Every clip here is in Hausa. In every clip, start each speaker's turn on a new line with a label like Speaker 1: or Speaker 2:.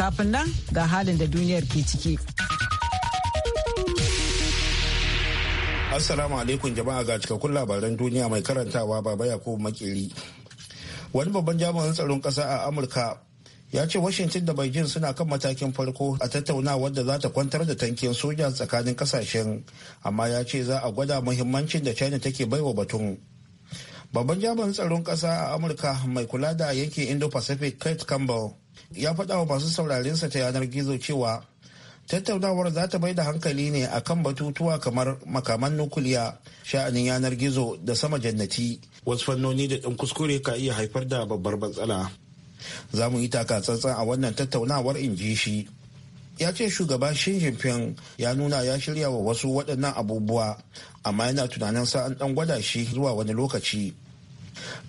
Speaker 1: Kafin nan ga halin da duniyar ke ciki.
Speaker 2: Assalamu alaikum jama'a ga cikakkun labaran duniya mai karantawa baba Yakubu Makeri. Wani babban jami'an tsaron kasa a Amurka ya ce Washington da Beijing suna kan matakin farko a tattaunawar wadda za ta kwantar da tankin soja tsakanin kasashen amma ya ce za a gwada muhimmancin da China take baiwa batun. Babban jami'an tsaron kasa a Amurka mai kula da yankin Indo-Pacific Kate Campbell ya faɗa wa masu sa ta yanar gizo cewa tattaunawar za ta bai da hankali ne a kan batutuwa kamar makaman nukuliya sha'anin yanar gizo da sama jannati wasu fannoni da ɗan kuskure ka iya haifar da babbar matsala za mu yi takatsantsan a wannan tattaunawar in ji shi ya ce shugaba shin Jinping ya nuna ya shirya wa wasu waɗannan abubuwa amma yana tunanin sa'an ɗan gwada shi zuwa wani lokaci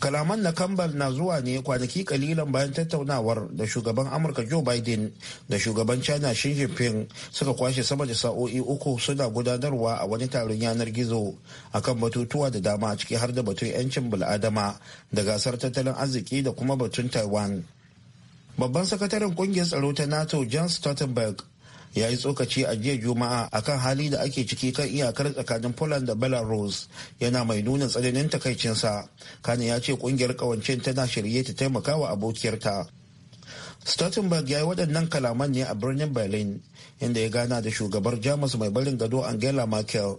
Speaker 2: kalaman na campbell na zuwa ne kwanaki kalilan bayan tattaunawar da shugaban amurka joe biden da shugaban china xi jinping suka kwashe sama da sa'o'i uku suna gudanarwa a wani taron yanar gizo akan batutuwa da dama ciki har da batun 'yancin bil'adama da gasar tattalin arziki da kuma batun taiwan babban sakataren kungiyar tsaro ta nato john stoltenberg ya yi tsokaci a jiya juma'a akan hali da ake ciki kan iyakar tsakanin poland da belarus yana mai nuna tsananin takaicinsa kane ya ce kungiyar kawancin tana shirye ta taimaka wa abokiyarta Stoltenberg ya yi waɗannan kalaman ne a birnin Berlin, inda ya gana da shugabar Jamus mai barin gado Angela Merkel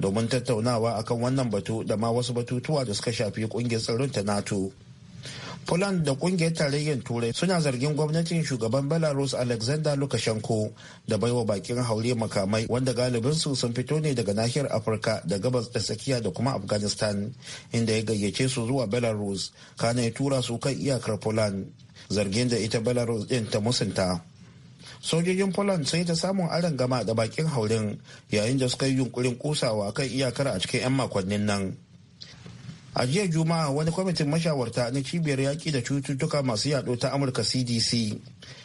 Speaker 2: domin tattaunawa akan wannan batu da ma wasu batutuwa da suka shafi kungiyar tsaron ta NATO. Poland da kungiyar tarayyar Turai suna zargin gwamnatin shugaban Belarus Alexander Lukashenko da baiwa bakin haure makamai wanda galibinsu sun fito ne daga nahiyar Afirka da gabas da tsakiya da kuma Afghanistan inda ya gayyace su zuwa Belarus kana ya tura su kan iyakar Poland zargin da ita Belarus din ta musunta. Sojojin Poland sai ta samun aron gama da bakin haurin yayin da suka yi yunkurin kusawa kan iyakar a cikin 'yan makonnin nan. a jiya juma'a wani kwamitin mashawarta na cibiyar yaƙi da cututtuka masu yaɗo ta amurka cdc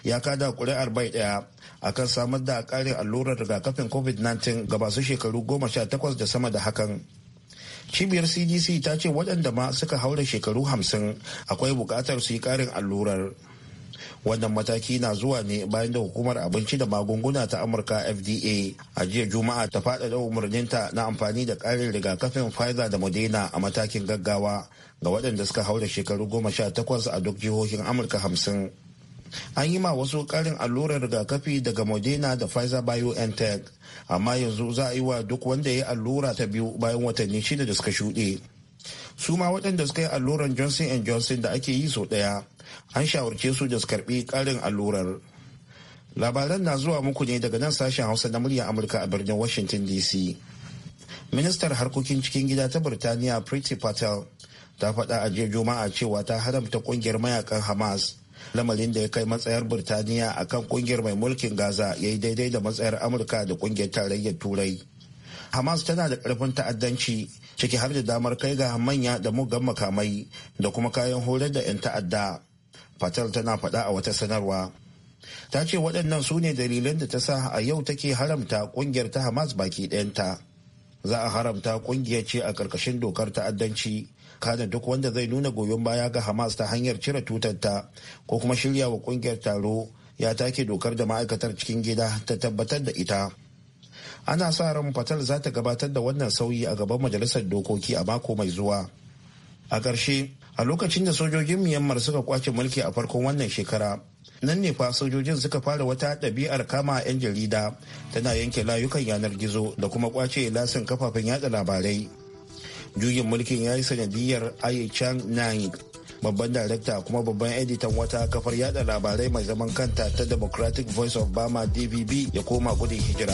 Speaker 2: ya kada ƙuri'ar bai ɗaya akan samar da ƙarin allurar rigakafin covid-19 ga masu shekaru goma sha takwas da sama da hakan cibiyar cdc ta ce waɗanda ma suka haura shekaru hamsin akwai buƙatar su yi ƙarin allurar wannan mataki na zuwa ne bayan da hukumar abinci da magunguna ta amurka fda a jiya juma'a ta faɗaɗa umarninta na amfani da ƙarin rigakafin pfizer da moderna a matakin gaggawa ga waɗanda suka haura shekaru goma sha takwas a duk jihohin amurka hamsin an yi ma wasu ƙarin allurar rigakafi daga moderna da pfizer biontech amma yanzu za a yi wa duk wanda ya yi allura ta biyu bayan watanni shida da suka shuɗe su ma waɗanda suka yi alluran johnson and johnson da ake yi sau ɗaya an shawarce su da su karɓi ƙarin allurar labaran na zuwa muku ne daga nan sashen hausa na muryar amurka a birnin washington dc ministar harkokin cikin gida ta birtaniya priti patel ta faɗa a jiya juma'a cewa ta haramta ƙungiyar mayakan hamas lamarin da ya kai matsayar birtaniya a kan ƙungiyar mai mulkin gaza ya yi daidai da matsayar amurka da ƙungiyar tarayyar turai hamas tana da ƙarfin ta'addanci ciki har da damar kai ga manya da mugan makamai da kuma kayan horar da 'yan ta'adda fatal tana faɗa a wata sanarwa ta ce waɗannan su ne dalilan da ta sa a yau take haramta ƙungiyar ta hamas baki ɗayanta za a haramta ƙungiyar ce a ƙarƙashin dokar ta'addanci kada duk wanda zai nuna goyon baya ga hamas ta hanyar cire tutarta ko kuma shirya wa ƙungiyar taro ya take dokar da ma'aikatar cikin gida ta tabbatar da ita ana sa ran fatal za ta gabatar da wannan sauyi a gaban majalisar dokoki a mako mai zuwa a ƙarshe a lokacin da sojojin myanmar suka kwace mulki a farkon wannan shekara nan ne fa sojojin suka fara wata ɗabi'ar kama 'yan jarida tana yanke layukan yanar gizo da kuma kwace lasin kafafen yada labarai juyin mulkin ya yi sanadiyar ayi chang nai babban darakta kuma babban editan wata kafar yada labarai mai zaman kanta ta democratic voice of bama dvb ya koma gudun hijira.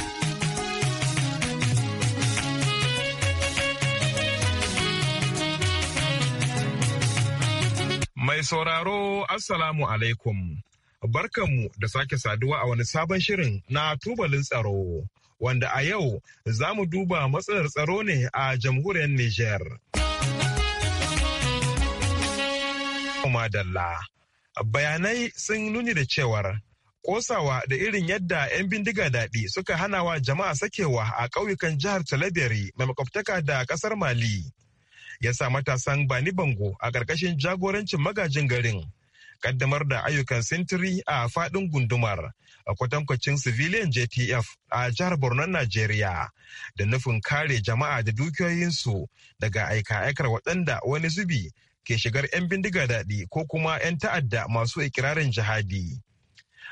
Speaker 3: Mai sauraro Assalamu alaikum. Barkanmu da sake saduwa a wani sabon shirin na tubalin tsaro, wanda a yau za mu duba matsalar tsaro ne a jamhuriyar Nijar. Madalla. Bayanai sun nuni da cewar kosawa da irin yadda 'yan bindiga daɗi suka hana wa jama'a sakewa a ƙauyukan jihar Talabiri mai makwabtaka da ƙasar Mali. ya sa matasan Bani Bango a ƙarƙashin jagorancin magajin garin kaddamar da ayyukan sintiri a faɗin gundumar a kwatankwacin civilian JTF a jihar Borno Najeriya da nufin kare jama'a da dukiyoyinsu daga aika-aikar waɗanda wani zubi ke shigar 'yan bindiga daɗi ko kuma 'yan ta'adda masu ikirarin jihadi.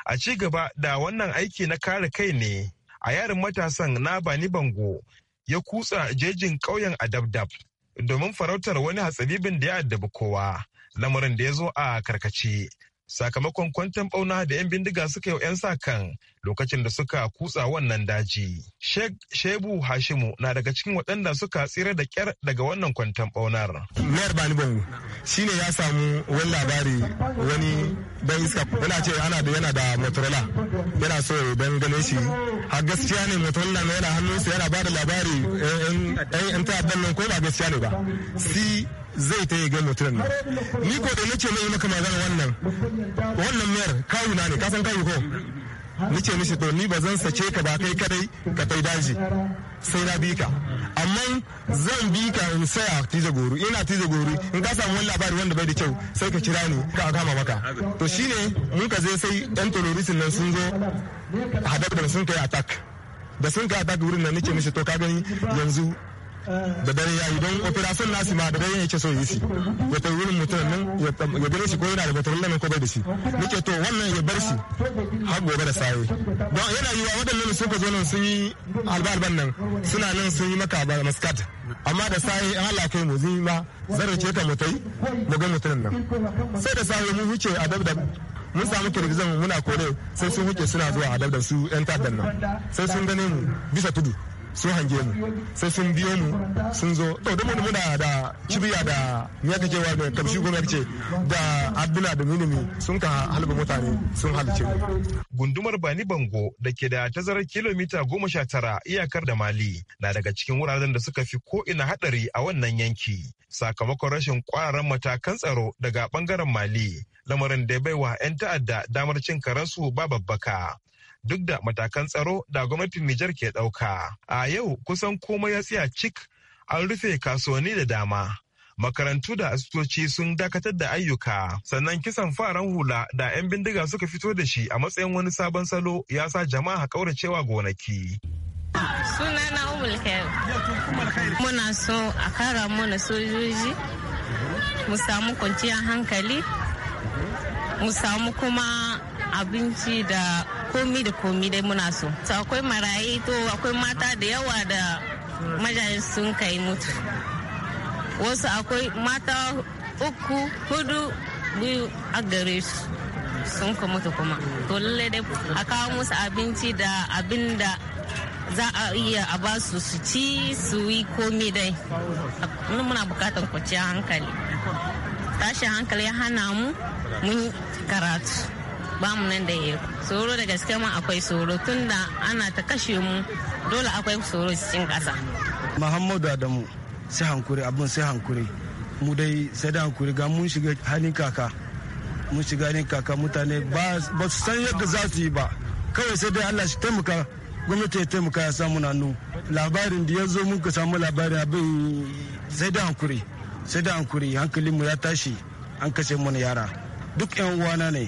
Speaker 3: A ci gaba da wannan aiki na kare kai ne a yarin matasan na Bani Bango ya kutsa jejin ƙauyen Adabdab domin farautar wani hatsabibin da ya addabi kowa lamarin da ya zo a karkace sakamakon kwantan bauna da 'yan bindiga suka yi 'yan sa kan lokacin da suka kutsa wannan daji. Shebu Hashimu na daga cikin waɗanda suka tsira da kyar daga wannan kwantan baunar. Mayar Bani Bangu
Speaker 4: shi ne ya samu wani labari wani dan iska yana ce ana da yana da Motorola yana so dan gane shi a gaskiya ne Motorola na yana hannunsa yana ba da labari 'yan eh, eh, eh, ta'addan nan ko ba gaskiya ne ba. Si zai ta yi ga mutum na ni ko da nace mai maka magana wannan wannan mayar na ne ka san kawu ko
Speaker 5: ce mishi to ni ba zan sace ka ba kai kadai
Speaker 4: ka kai daji sai na bi ka amma zan bi ka in saya tije goro ina tije goro in ka samu wani labari wanda bai da kyau sai ka kira ni ka kama maka to shine mun ka zai sai yan terrorist nan sun zo hadar da sun kai attack da sun kai attack wurin nan nace mishi to ka gani yanzu da dare ya yi don operation nasi ma da dare yake so yi shi ya tafi wurin mutum nan ya gane shi ko yana da batarin lamin ko bai da shi nake to wannan ya bar shi har gobe da saye don yana yi yiwa waɗannan suka zo nan sun yi alba-alban nan suna nan sun yi maka ba maskat amma da saye an Allah kai mu zai ma zarrace ka mu tai mu ga mutum nan sai da saye mu huce a dab mun samu kirgizan muna kore sai sun huce suna zuwa a dabda su yan ta'addan nan sai sun gane mu bisa tudu sun hange mu sai sun biyo mu sun zo to da mun muna da cibiya da ya kake wa da kamshi gona ce
Speaker 3: da abdullahi da minimi sun ka halba mutane sun halice mu gundumar bani bango da ke da tazarar kilomita goma sha tara iyakar da mali na daga cikin wuraren da suka fi ko ina hadari a wannan yanki sakamakon rashin kwararan matakan tsaro daga bangaren mali lamarin da ya wa 'yan ta'adda damar cin karansu ba babbaka duk da matakan tsaro da gwamnatin Nijar ke ɗauka. A yau kusan komai ya tsaya cik an rufe kasuwanni da dama. Makarantu da asibitoci sun dakatar da ayyuka, sannan kisan faran hula da 'yan bindiga suka fito da shi a matsayin wani sabon salo ya sa jama'a kauracewa gonaki.
Speaker 1: Suna na Muna so a kara mana sojoji, mu samu kwanciyar hankali, mu samu kuma abinci da komi da komi dai muna so to akwai marayi to akwai mata da yawa da majayen sun kai mutu wasu akwai mata uku hudu biyu a gare su sun ka mutu kuma to lalle dai a kawo musu abinci da abin da za a iya a ba su su ci su yi komi dai muna bukatar kwanciyar hankali tashin hankali ya hana mu mun karatu ba mu nan da iko tsoro da gaske ma akwai tsoro da ana ta kashe mu dole akwai tsoro cikin ƙasa
Speaker 5: muhammadu adamu sai hankuri abin sai hankuri mu dai sai da hankuri ga mun shiga halin kaka mun shiga halin kaka mutane ba su san yadda za su yi ba kawai sai dai allah shi taimaka gwamnati ya taimaka ya samu nanu labarin da ya zo mun ka samu labarin abin sai da hankuri sai da hankuri hankalinmu ya tashi an kashe mana yara duk yan uwana ne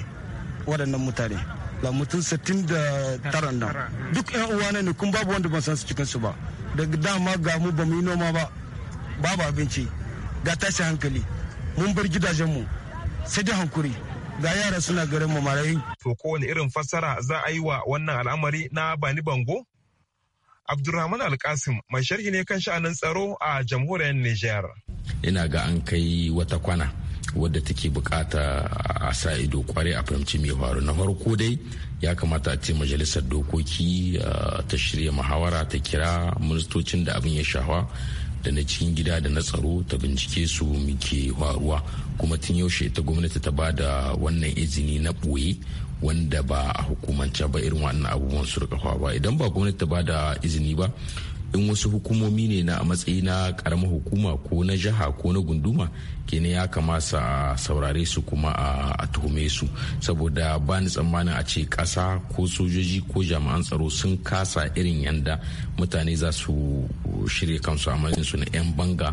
Speaker 5: waɗannan mutane da mutum 69 nan duk yan uwa ne kun babu wanda ban san su cikin su ba da dama ga mu ba mu yi noma ba babu abinci ga tashi hankali
Speaker 3: mun bar gidajenmu sai da hankuri ga yara suna garin mu marayi to kowane irin fassara za a yi wa wannan al'amari na bani bango Abdulrahman Alkasim mai sharhi ne kan sha'anin tsaro a jamhuriyar Nijar.
Speaker 6: Ina ga an kai wata kwana. wadda take bukata a sa ido kwarai a fahimci mai faru na farko dai ya kamata a ce majalisar dokoki uh, ta shirya muhawara ta kira ministocin da abin ya shawa da na cikin gida da na tsaro ta bincike su muke faruwa kuma tun yaushe ta gwamnati ta ba da wannan izini na ɓoye wanda ba a hukumance ba irin wannan abubuwan su rika ba idan ba gwamnati ta ba da izini ba in wasu hukumomi ne na matsayi na karamar hukuma ko na jiha ko na gunduma ke kenan ya kamata a saurare su kuma a tuhume su saboda ba ni tsammanin a ce kasa ko sojoji ko jami'an tsaro sun kasa irin yanda mutane za su shirya kansu a matsayin su na 'yan banga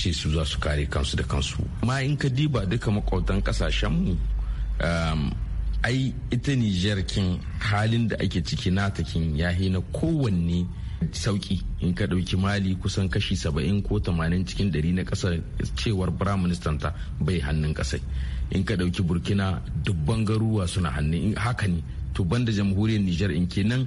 Speaker 6: ce su za su kare kansu da kansu ma in ka diba duka makwautan kasashenmu um, ai ita nijar kin halin da ake ciki nata kin yahi na kowanne sauki in ka ɗauki mali kusan kashi saba'in ko tamanin cikin ɗari na kasar cewar firaministan ta bai hannun ƙasai in ka ɗauki burkina dubban garuwa suna hannun in haka ne to da jamhuriyar nijar in kenan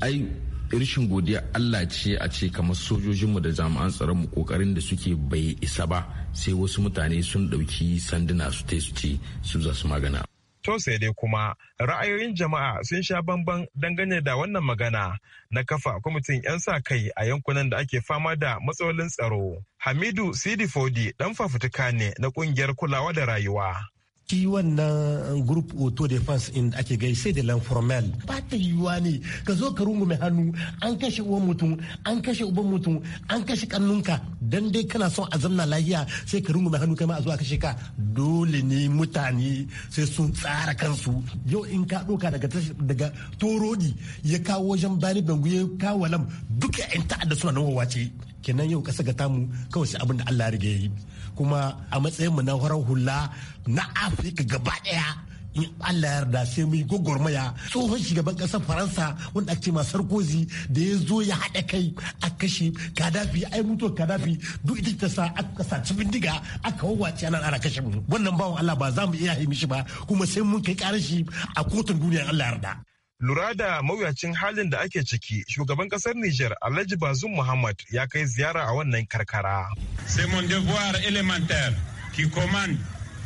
Speaker 6: ai rashin godiya allah ce a ce kamar sojojinmu da jami'an tsaronmu kokarin da suke bai isa ba sai wasu mutane sun ɗauki sanduna su su ce su za su magana To sai dai kuma ra'ayoyin
Speaker 3: jama'a sun sha bamban dangane da wannan magana na kafa kwamitin 'yan sa kai a yankunan da ake fama da matsalolin tsaro. Hamidu Sidi Fodi dan fafutuka ne na ƙungiyar kulawa da rayuwa.
Speaker 7: shi wannan uh, group auto defense in ake gai sai da lan formal ba ta yiwuwa ne ka zo ka rungume hannu an kashe uwan mutum an kashe uban mutum an kashe kannunka dan dai kana son a zamna lahiya sai ka rungume hannu kai ma a zo kashe ka dole ne mutane sai sun tsara kansu yau in ka doka daga daga torodi ya kawo wajen bani bangu ya kawo lam duka ta'adda suna nawa wace. kenan yau kasa ga tamu kawai sai abin da Allah ya yi kuma a matsayin mu na horar hula na Afirka gaba daya in Allah ya yarda sai mu gwagwarmaya tsohon shugaban kasar Faransa wanda ake ma Sarkozy da ya zo ya haɗa kai a kashe Gaddafi ai mutuwar kadafi duk ita ta sa aka saci bindiga aka wawace nan ana
Speaker 3: kashe mu wannan
Speaker 7: bawan Allah ba za mu iya haimi ba kuma sai mun kai ƙarar shi a kotun duniya Allah
Speaker 3: ya yarda Lura da mawuyacin halin da ake ciki, shugaban kasar Nijar Alhaji Bazoum Muhammad ya kai ziyara a wannan karkara. C'est mon devoir élémentaire qui
Speaker 5: commande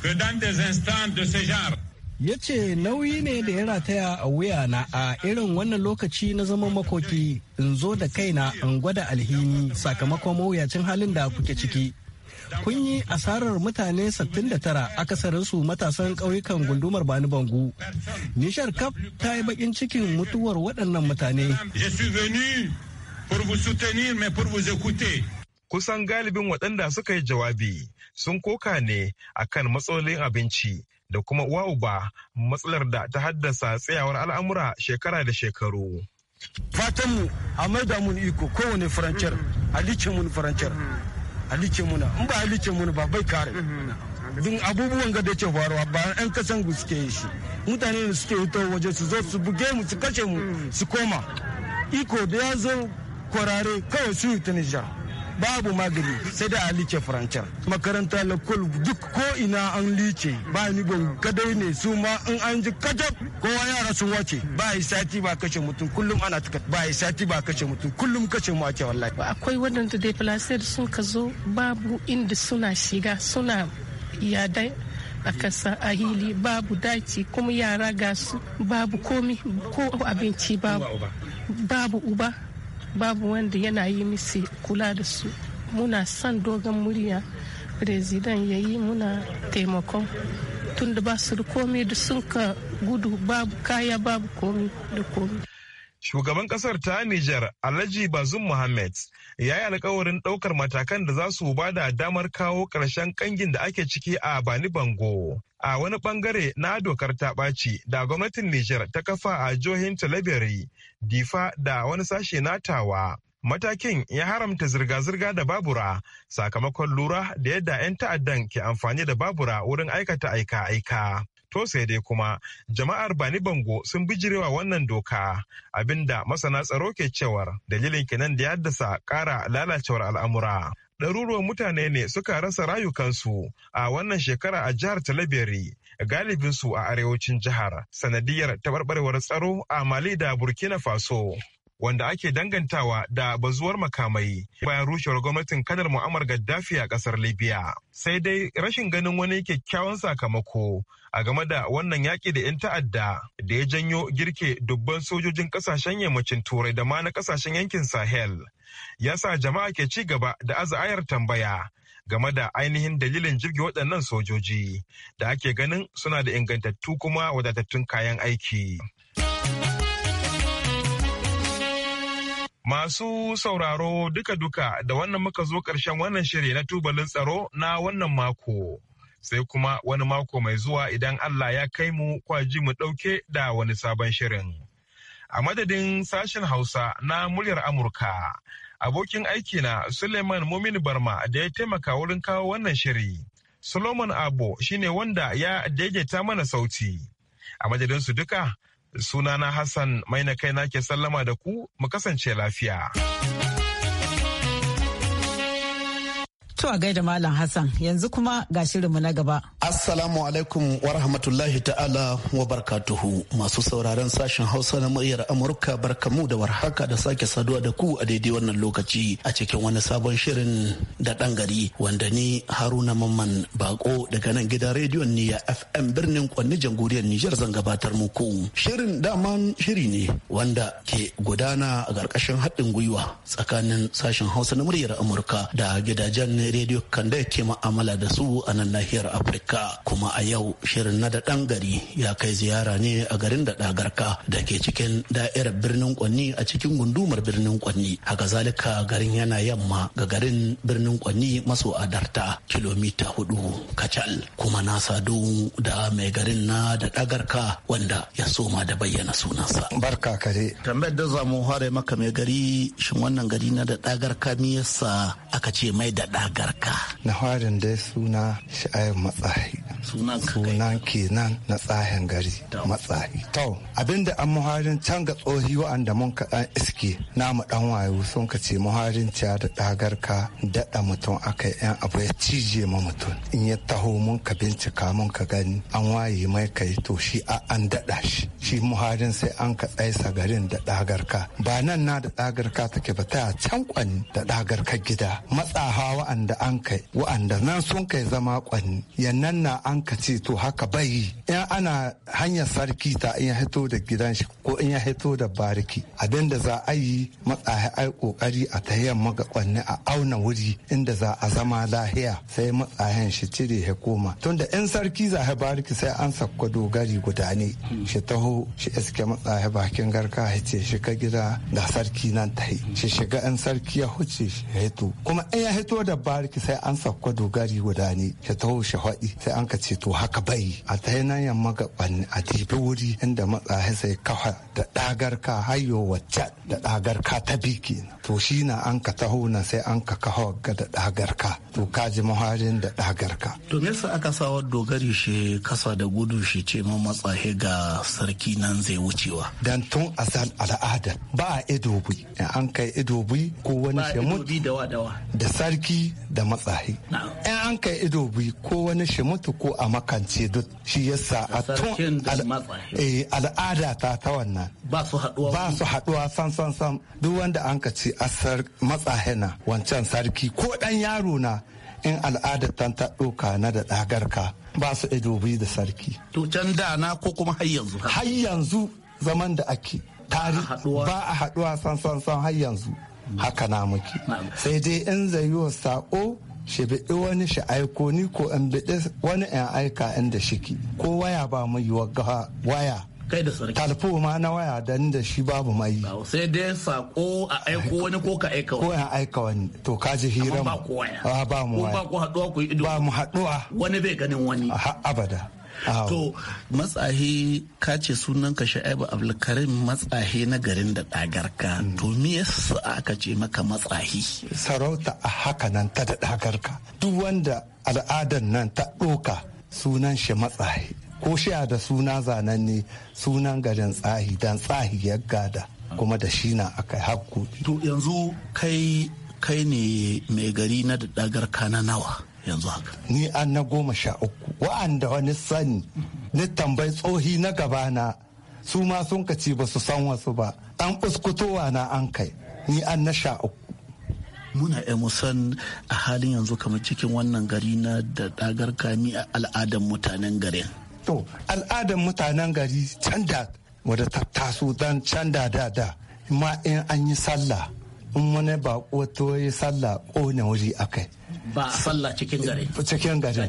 Speaker 5: que dans des instants de ce ya
Speaker 1: ce nauyi ne da ya rataya a wuyana a irin wannan lokaci na zama makoki in zo da kaina in gwada
Speaker 7: alhini sakamakon mawuyacin halin da kuke ciki kun yi asarar mutane 69 akasarinsu matasan ƙauyukan gundumar bani bangu nishar kaf ta yi bakin cikin mutuwar waɗannan mutane
Speaker 3: kusan galibin waɗanda suka yi jawabi sun koka ne akan matsalolin abinci da kuma uwa uba matsalar da ta haddasa tsayawar al'amura shekara da shekaru fatanmu a maida mun iko kowane farancar
Speaker 5: a mun farancar halice muna in ba halice muna ba bai kare mhm. dun abubuwan ga da ke faruwa ba yan kasan gu suke yi shi mutane da suke hito waje su zo su buge mu su kashe mu mhm. su koma iko da ya zo kwarare kawai su yi tunijar babu magani sai da a lice farancar makaranta lakol duk ko ina an lice ba ni gon kadai ne su ma in an ji kajab kowa yara sun wace ba yi sati ba kashe mutum kullum ana tuka ba yi sati ba kashe mutum kullum kashe mu ake wallahi
Speaker 1: akwai wadanda dai placer sun ka zo babu inda suna shiga suna yadai a kasa a hili babu daci kuma yara gasu babu komi ko abinci babu babu uba babu wanda yana yi misi kula da su muna son dogon murya rezidan ya yi muna taimakon tun da ba su komi da sun ka gudu babu kaya babu komi da komi
Speaker 3: shugaban kasar ta Nijar Alhaji Bazum Mohammed ya yi alkawarin ɗaukar matakan da za su ba da damar kawo ƙarshen kangin da ake ciki a Bani Bango. a wani bangare na dokar ta ɓaci da gwamnatin Nijar ta kafa a johin Talabiri, Difa da wani sashe na Tawa. Matakin ya haramta zirga-zirga da babura sakamakon lura da yadda 'yan ta'addan ke amfani da babura wurin aikata aika-aika. to sai dai kuma jama'ar bani bango sun bijirewa wannan doka abinda masana tsaro ke cewar dalilin kenan da ya haddasa kara lalacewar al'amura ɗaruruwan mutane ne suka rasa rayukansu a wannan shekara a jihar talabiri galibinsu a arewacin jihar sanadiyar taɓarɓarewar tsaro a mali da burkina faso wanda ake dangantawa da bazuwar makamai bayan rushewar gwamnatin kanar mu'amar gaddafi a kasar libya sai dai rashin ganin wani kyakkyawan sakamako a game da wannan yaƙi da 'yan ta'adda da ya janyo girke dubban sojojin kasashen yammacin turai da ma na kasashen yankin sahel ya sa jama'a ke ci gaba da azayar tambaya game da ainihin dalilin jirgi waɗannan sojoji da ake ganin suna da ingantattu kuma wadatattun kayan aiki. Masu sauraro duka-duka da wannan muka zo ƙarshen wannan shiri na tubalin tsaro na wannan mako. Sai kuma wani mako mai zuwa idan Allah ya kai mu kwaji mu ɗauke da wani sabon shirin. A madadin sashen Hausa na muryar Amurka, abokin aiki na Suleiman Mumin Barma da ya taimaka wurin kawo wannan shiri. Solomon Abo shine wanda ya daidaita mana sauti. A madadinsu duka, Sunana Hassan mai na kai na ke sallama da ku mu kasance lafiya.
Speaker 1: To a gaida Malam Hassan yanzu kuma ga shirinmu na gaba.
Speaker 7: Assalamu alaikum wa rahmatullahi ta'ala wa barkatuhu masu sauraron sashen Hausa na muryar Amurka barkamu da warhaka da sake saduwa da ku a daidai wannan lokaci a cikin wani sabon shirin da dan gari wanda ni Haruna Mamman Bako daga nan gidan rediyon Niyya FM birnin Kwanni jamhuriyar Nijar zan gabatar muku. Shirin daman shiri ne wanda ke gudana a ƙarƙashin haɗin gwiwa tsakanin sashen Hausa na muryar Amurka da gidajen rediyo kan da ke ma'amala da su a nan nahiyar afirka kuma a yau shirin na da ɗan gari ya kai ziyara ne a garin da ɗagarka da ke cikin da'irar birnin kwanni a cikin gundumar birnin kwanni haka zalika garin yana yamma ga garin birnin kwanni maso adarta kilomita hudu kacal kuma na sadu da mai garin na da ɗagarka wanda ya soma da bayyana sunansa barka kare tambayar da zamu hare maka mai gari shin wannan gari na da ɗagarka
Speaker 8: me yasa aka ce mai da ɗaga garka na harin dai suna sha'ayin matsahi sunan sunan kenan na tsahin gari matsahi to abinda an muharin can ga tsohi wa'anda mun ka dan iske mu ɗan wayo sun ka ce muharin ca da ɗagar ka daɗa mutum aka yan abu ya cije ma mutum in ya taho mun ka bincika mun ka gani an waye mai kai to shi a an daɗa shi shi muharin sai an ka tsaisa garin da ɗagar ka ba nan na da ɗagar ka take ba ta can kwani da ɗagar ka gida matsaha an da an kai wa'anda nan sun kai zama kwanni yannan na an ka ce to haka bai in ana hanyar sarki ta in ya hito da gidan shi ko in ya hito da bariki abin da za a yi matsahi ai kokari a ta yamma ga kwanni a auna wuri inda za a zama lahiya sai matsahin shi cire ya koma tunda in sarki za a bariki sai an sakwa dogari guda ne hmm. shi taho shi iske matsahi bakin garka ya ce shi ka gida da sarki nan ta shi shiga in sarki ya huce shi hito kuma in ya hito da bariki sai an sakwa dogari guda ne ya taho shi haɗi sai an ka ce to haka bai a ta yana yamma ga a tibi wuri inda matsa sai kafa da ɗagar ka hayo wacce da ɗagar ka ta bi kenan to shi na an ka taho na sai an ka kafa ga da ɗagar ka to ka ji maharin da ɗagar ka.
Speaker 7: to me yasa aka sawa dogari shi kasa da gudu shi ce ma matsa ga sarki nan zai wucewa.
Speaker 8: dan tun san al'ada ba a ido bi an kai ido bi ko wani shi mutu da sarki da matsahi in an kai ido bi ko wani shi mutu ko a makance duk shi yasa a tun eh, al'ada ta ta wannan ba su haduwa san san san duk wanda an ka ce asar na wancan sarki ko dan yaro na in al'ada ta ɗauka na da ɗagarka ba su ido bi da sarki. To can da na ko kuma har yanzu? Har yanzu zaman da ake ba a haɗuwa san san san har yanzu. haka na muke sai dai in zai yi wa sako shi biɗi wani shi aiko ni ko in biɗi wani in aika inda shiki ko waya ba mu yi waya kai talfo ma na waya dan da shi babu mai
Speaker 7: sai dai sako a aiko wani ko ka aika ko yan
Speaker 8: aika wani to
Speaker 7: ka ji hira ba ko waya ah, ba mu waya ba ku haduwa ku ido ba mu haduwa wani bai ganin wani abada to matsahi ka ce sunan ka sha'ibu abdulkarim matsahi na garin da dagarka mm. to me yasa aka ce maka matsahi
Speaker 8: sarauta a haka nan ta da dagarka duk wanda al'adar nan ta ɗoka sunan shi matsahi ko sha da suna ne sunan garin tsahi dan tsahi ya gada kuma da shi na aka hakku to yanzu kai kai ne mai gari na da dagarka na nawa yanzu haka ni an na goma sha uku wa'anda wani sani ni tambayi tsohi na gabana su ma sun kaci ba su san wasu ba an fuskutowa na an kai ni an na sha uku
Speaker 7: muna emusan eh, a halin yanzu kamar cikin wannan gari na da dagar kami a
Speaker 8: al'adan mutanen garin to al'adan mutanen gari canda wadda ta taso dan canza da da da ma in an yi sallah in wani bako to yi sallah kone wuri kai.
Speaker 7: ba sallah cikin gari cikin gari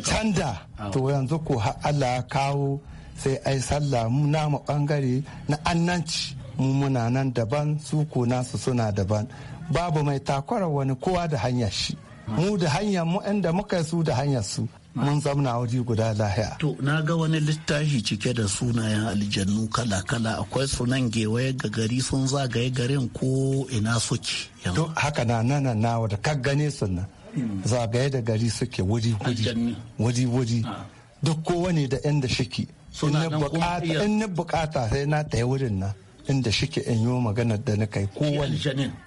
Speaker 8: can da to yanzu ko har Allah ya kawo sai ai sallah mu bangare na annanci mu muna nan daban su ko nasu suna daban babu mai takwara wani kowa da hanyar shi mu da hanyar mu inda muka su da hanyar su mun zamna waje guda lahiya. To na ga wani littafi cike da sunayen aljannu kala-kala akwai sunan gewaye ga gari sun zagaye garin ko ina suke. To haka na nana na da kak gane sun nan hmm. zagaye da gari suke wuri-wuri. Wuri-wuri. Ah. Duk kowane da yan da shiki. In na bukata sai na tayi wurin nan. inda shike in yi maganar da na kai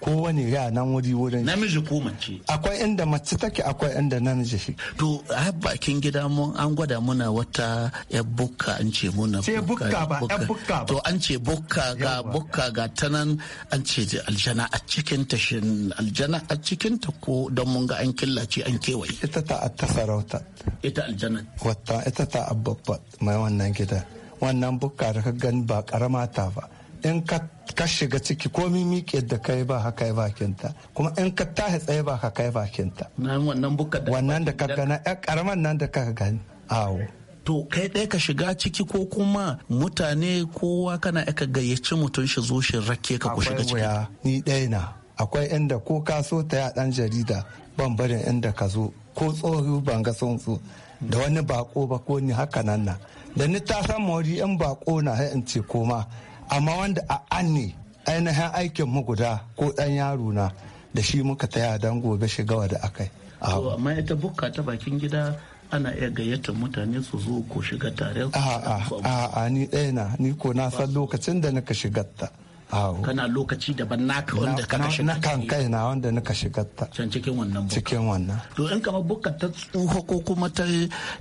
Speaker 8: kowane ya nan wuri wurin namiji ko mace akwai inda mace take akwai inda namiji shi to a bakin gida
Speaker 7: mu an gwada muna wata yar bukka an ce muna sai bukka ba bukka to an ce bukka ga bukka ga tanan an ce aljana a cikin ta shin aljana
Speaker 8: a cikin ta ko don mun ga an killace an kewaye ita ta ta sarauta
Speaker 7: ita aljana
Speaker 8: wata ita ta abubuwa mai wannan gida wannan bukka da ka gani ba karama ta ba in ka ka shiga ciki komi miƙe da kai ba haka kai bakinta kuma in ka tahi tsaye ba haka kai bakinta wannan da ka gana ƴan karaman nan da ka
Speaker 7: gani awo to kai ɗaya ka shiga ciki ko kuma mutane kowa kana aka gayyaci mutum shi zo shi rake ka ku shiga ciki
Speaker 8: ni ɗaya na akwai inda ko ka so ta ya ɗan jarida ban barin inda ka zo ko tsohu ban ga son da wani bako ba ko ni haka nan na da ni ta san mori in bako na in ce koma amma wanda a anne ainihin aikin mu guda ko ɗan yaro na da shi muka taya don gobe shigawa da akai. amma ita bukka ta bakin gida ana iya gayyatar mutane su zo ko shiga tare. A'a, a'a, ni ɗaya na, ni ko na san lokacin da naka shigar ta.
Speaker 7: kana lokaci daban naka wanda ka kashe
Speaker 8: na kan kai na wanda na kashe ta can cikin wannan cikin wannan to in kamar bukka ta tsufa ko kuma ta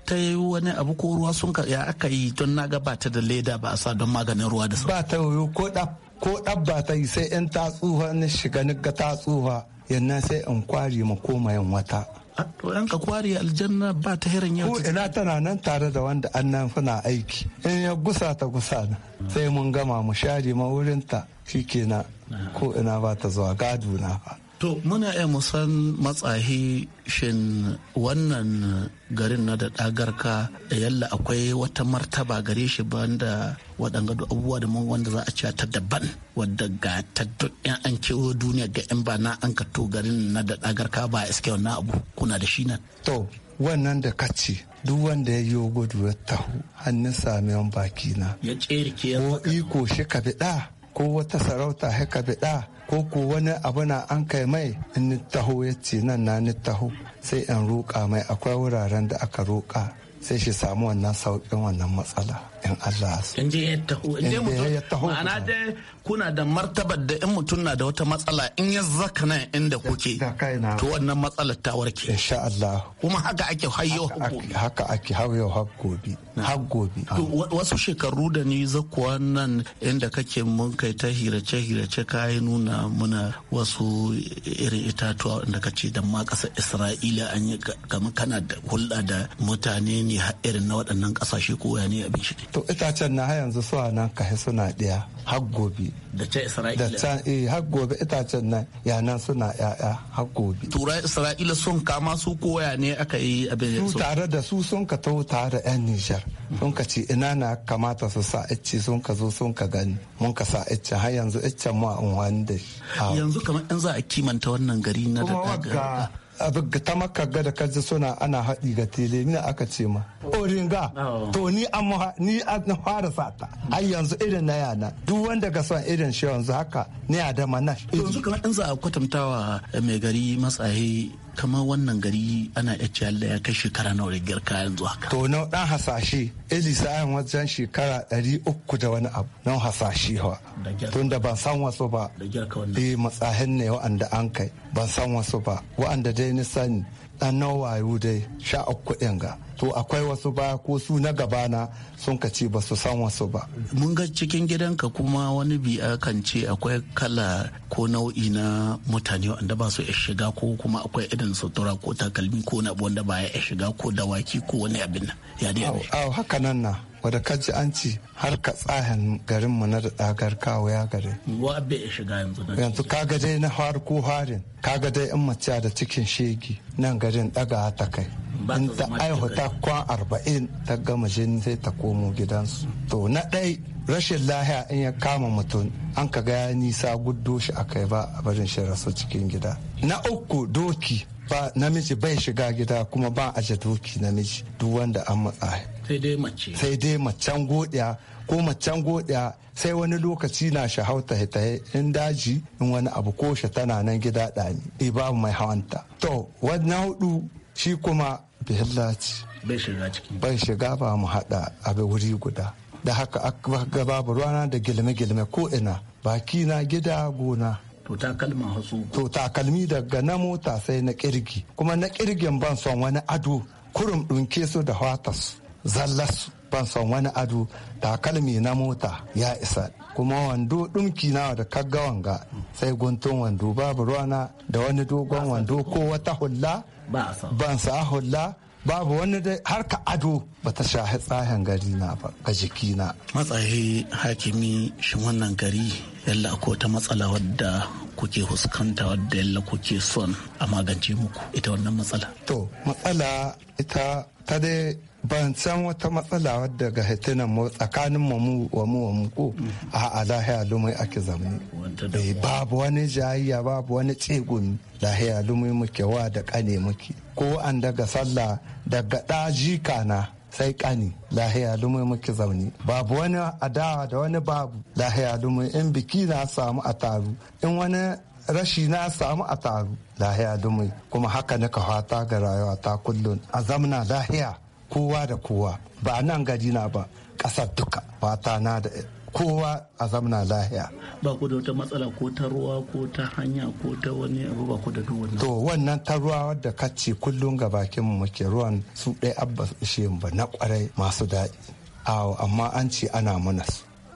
Speaker 7: ta wani abu ko ruwa sun ka ya aka yi don na ga ba ta da leda ba a sa don maganin ruwa da sauran ba
Speaker 8: ta ko da ko ɗabba ta yi sai in ta tsufa ni shiga ni ga ta tsufa yannan sai in kwari ma koma yin wata to yan kwari aljanna ba ta heran yau ina tana nan tare da wanda annan suna aiki in ya gusa ta gusa sai mun gama mu share ma wurin ta shikenan ko ina ba ta zuwa gado na ba To muna
Speaker 7: iya musan matsahi shin wannan garin na da ɗagarka da yalla akwai wata martaba gare shi banda waɗanga abubuwa da mun wanda za a ci ta daban wadda ga ta duk yan an kewo duniya ga yan ba na an kato garin na da ɗagarka ba a iske wannan abu kuna da shi nan. To
Speaker 8: wannan da kaci duk wanda ya yi gudu ya taho hannun samiyan baki na. Ya tsere ke Ko iko shi ka ko wata sarauta haka biɗa ko ko wani abu na an kai mai in ni taho ya ce nan na ni taho sai in roƙa mai akwai wuraren da aka roƙa sai shi samu wannan sauƙin wannan matsala in Allah su.
Speaker 7: In je ya taho. In je ya taho. Ma'ana dai kuna da martabar da in mutum na da wata matsala in ya zaka nan inda kuke to wannan matsalar ta warke
Speaker 8: insha Allah kuma haka ake hayo haka ake hayo
Speaker 7: har gobe har gobe wasu shekaru da ni zakuwa nan inda kake mun kai ta hirace hirace kai nuna muna wasu irin itatuwa inda kace da ma kasar Isra'ila an yi kamar kana da hulɗa da mutane ne irin na waɗannan ƙasashe ko ya ne abin shi to
Speaker 8: itacen na har yanzu suwa nan kahe suna ɗaya har gobe da ce isra'ila da can eh har gobe itacen nan yana suna yaya har gobe
Speaker 7: Tura isra'ila sun kama su koya ne aka yi abin su tare
Speaker 8: da su sun ka taho tare yan nijar sun ka ce ina na kamata su sa icce sun ka zo sun ka gani mun ka sa icce har yanzu iccen mu a unwani da
Speaker 7: yanzu kamar 'yan za a kimanta wannan gari na da
Speaker 8: abin ta maka ga da kaji suna ana haɗi ga tele ni aka ce ma oringa oh. oh, oh. to ni an fara sata mm. ai yanzu irin na yana duk wanda ga son irin shi yanzu haka ne a da manash
Speaker 7: yanzu kamar in za kwatantawa eh, mai gari matsayi kamar wannan gari ana iya cewa Allah ya kai shekara nawa da girka yanzu haka.
Speaker 8: To na dan hasashe Elisa yan wajen shekara ɗari uku da wani abu nan hasashe hawa. Tun da ban san wasu ba. Da girka wannan. Eh matsahin ne wa'anda an kai ban san wasu ba wa'anda dai ni sani dan nawa wayo dai sha uku ɗin ga. to akwai wasu ba ko su na gabana sun ka ce ba su san wasu ba. Mun ga cikin gidanka
Speaker 7: kuma wani bi'a kan ce akwai kala ko nau'i na mutane wanda ba su shiga ko kuma akwai irin sutura ko takalmi ko na wanda ba ya shiga ko dawaki ko wani abin nan.
Speaker 8: Ya dai haka nan na. wadda kaji an ci har ka tsahin garin mu na da dagar kawo ya gare.
Speaker 7: Wa be ya shiga yanzu da Yanzu kaga dai na harko harin kaga dai
Speaker 8: in mace da cikin shegi nan garin daga ta kai. In ta aihu ta kwa arba'in ta gama jini sai ta komo gidansu to na ɗai rashin lahiya in ya kama mutum an ka ga ya nisa guddo shi a kai ba a barin shi rasu cikin gida na uku doki ba namiji bai shiga gida kuma ba a doki namiji duk wanda an matsa sai dai mace sai macen godiya ko macen godiya sai wani lokaci na shahau tahe in daji in wani abu ko shi tana nan gida ɗani eh, babu mai hawanta to wannan hudu shi kuma bihillaci shiga ban shiga ba mu haɗa abin wuri guda da haka aka babu rana da gilme-gilme ko ina baki na gida gona to takalmi daga na mota sai na kirgi kuma na kirgin ban son wani ado kurum dunke su da watas zallas ban son wani ado takalmi na mota ya isa kuma wando ɗumki na da kagga wanga sai guntun wando babu ruwana da wani dogon wando ko wata hulla ban sa hulla babu wani dai ka ado ba ta sha tsahin gari na ba ga jiki na
Speaker 7: matsayi
Speaker 8: hakimi shi
Speaker 7: wannan gari yalla ko ta matsala wadda kuke huskanta wadda yalla kuke son a magance muku ita wannan matsala to
Speaker 8: matsala ita ta dai ban san wata matsala wadda ga hitinan mu tsakanin mu wa mu wa mu ko a lahiya lumai ake zama eh, babu wani jayayya babu wani tsegumi lahiya lumai muke wa da kane muke ko an daga sallah daga daji kana sai kani lahiya lumai muke zaune babu wani adawa da wani babu lahiya lumai in biki na samu a taru in wani rashi na samu a taru lahiya lumai kuma haka nika fata ga rayuwa ta kullum a zamna lahiya kowa da kowa ba nan gari na ba ƙasar duka fata na da kowa a zamna lahiya. Ba ku da wata
Speaker 7: matsala ko ta ruwa ko ta hanya ko ta wani abu ba ku da duk wannan.
Speaker 8: To wannan ta ruwa wadda kacce kullum ga bakin mu muke ruwan su ɗaya abba ishe ba na kwarai masu daɗi. Awo amma an ce ana mana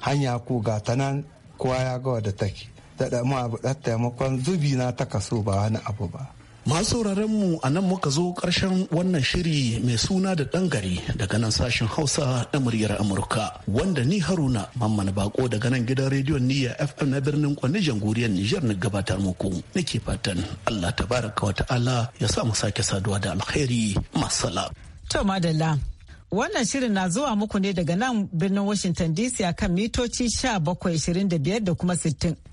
Speaker 8: Hanya ko ga ta nan kowa ya ga wadda take. da mu abu ɗan taimakon zubi na ta kaso ba wani abu ba. Masu mu a nan muka zo karshen wannan shiri mai suna da ɗan gari
Speaker 7: daga nan sashen Hausa na muryar Amurka wanda ni Haruna Mamman Bako daga nan gidan rediyon Niyya FM na birnin Kwanne jamhuriyar Nijar na gabatar muku. Nake fatan Allah tabaraka wa ta'ala ya sa mu sake saduwa da alkhairi masala.
Speaker 1: To madalla Wannan shirin na zuwa muku ne daga nan birnin Washington DC a kan mitoci 1725 da kuma 60.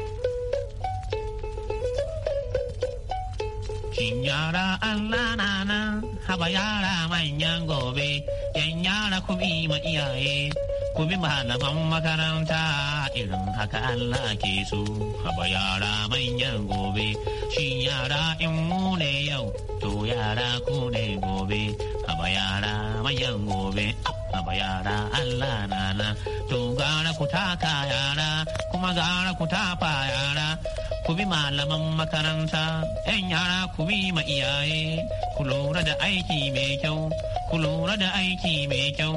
Speaker 7: Yan yara Allah na nan, haba yara manyan gobe, yan yara ku bi ma iyaye, ku bi malaman makaranta irin haka Allah ke so. Haba yara manyan gobe, shi yara in mu ne yau, to yara ku ne gobe, haba yara manyan gobe. Haba yara to gara ku taka yara, kuma gara ku yara. ku bi malaman makaranta, ‘yan yara ku bi ma iyaye, ku lura da aiki mai kyau, ku lura da aiki mai kyau,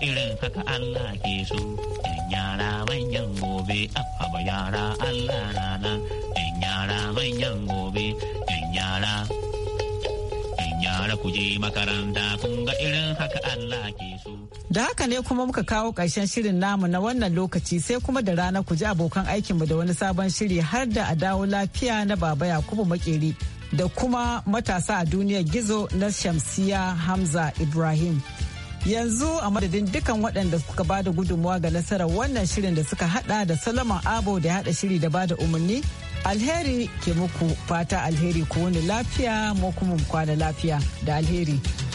Speaker 7: irin haka Allah ke so. ‘Yan yara manyan gobe, abba yara Allah rana, ‘yan yara manyan gobe, ‘yan yara. ‘Yan yara ku je makaranta, kun ga irin haka Allah ke so.
Speaker 1: Da haka ne kuma muka kawo ƙarshen shirin namu na wannan lokaci sai kuma da rana ku ji abokan aikinmu da wani sabon shiri har da a dawo lafiya na Baba Yakubu Makeri da kuma matasa a duniyar gizo na Shamsiya Hamza Ibrahim. Yanzu a madadin dukan waɗanda suka ba da gudunmawa ga nasarar wannan shirin da suka hada da salaman Abo da ya hada shiri da ba da umarni, alheri ke muku fata alheri ku wani lafiya mu kuma kwana lafiya da alheri.